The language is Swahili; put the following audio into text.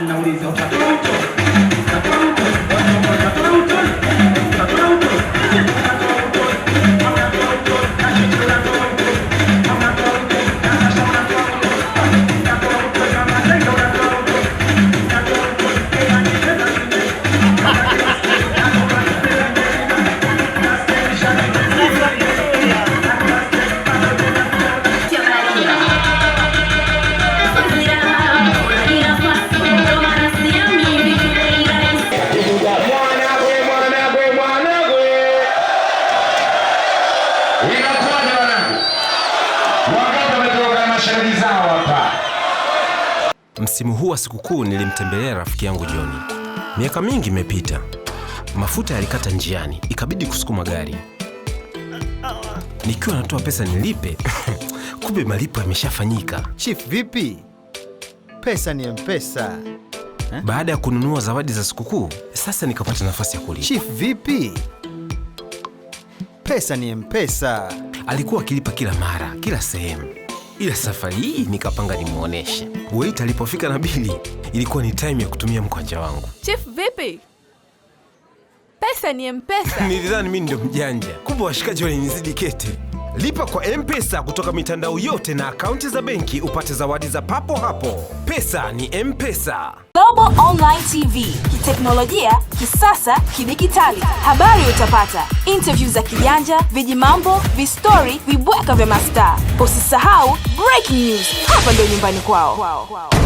Ninaulizwa utakuja utakuja Inakuwaje wanangu? Wangapi wametoka zao hapa? Msimu huu wa sikukuu nilimtembelea rafiki yangu Joni. Miaka mingi imepita, mafuta yalikata njiani, ikabidi kusukuma gari. Nikiwa natoa pesa nilipe kumbe malipo yameshafanyika. Chief vipi? Pesa ni mpesa. Eh? Baada ya kununua zawadi za sikukuu, sasa nikapata nafasi ya kulipa. Chief vipi? pesa ni Mpesa. Alikuwa akilipa kila mara, kila sehemu, ila safari hii nikapanga nimwoneshe. Weit alipofika na bili, ilikuwa ni taimu ya kutumia mkwanja wangu. Chief vipi? Pesa ni Mpesa. Nilidhani mimi ndio mjanja, kumbe washikaji walinizidi kete. Lipa kwa Mpesa kutoka mitandao yote na akaunti za benki upate zawadi za papo hapo. Pesa ni Mpesa. Global Online TV, kiteknolojia, kisasa, kidigitali. Habari utapata, interview za kijanja, vijimambo, vistori, vibweka vya mastaa. Usisahau breaking news, hapa ndio nyumbani kwao. Wow, wow.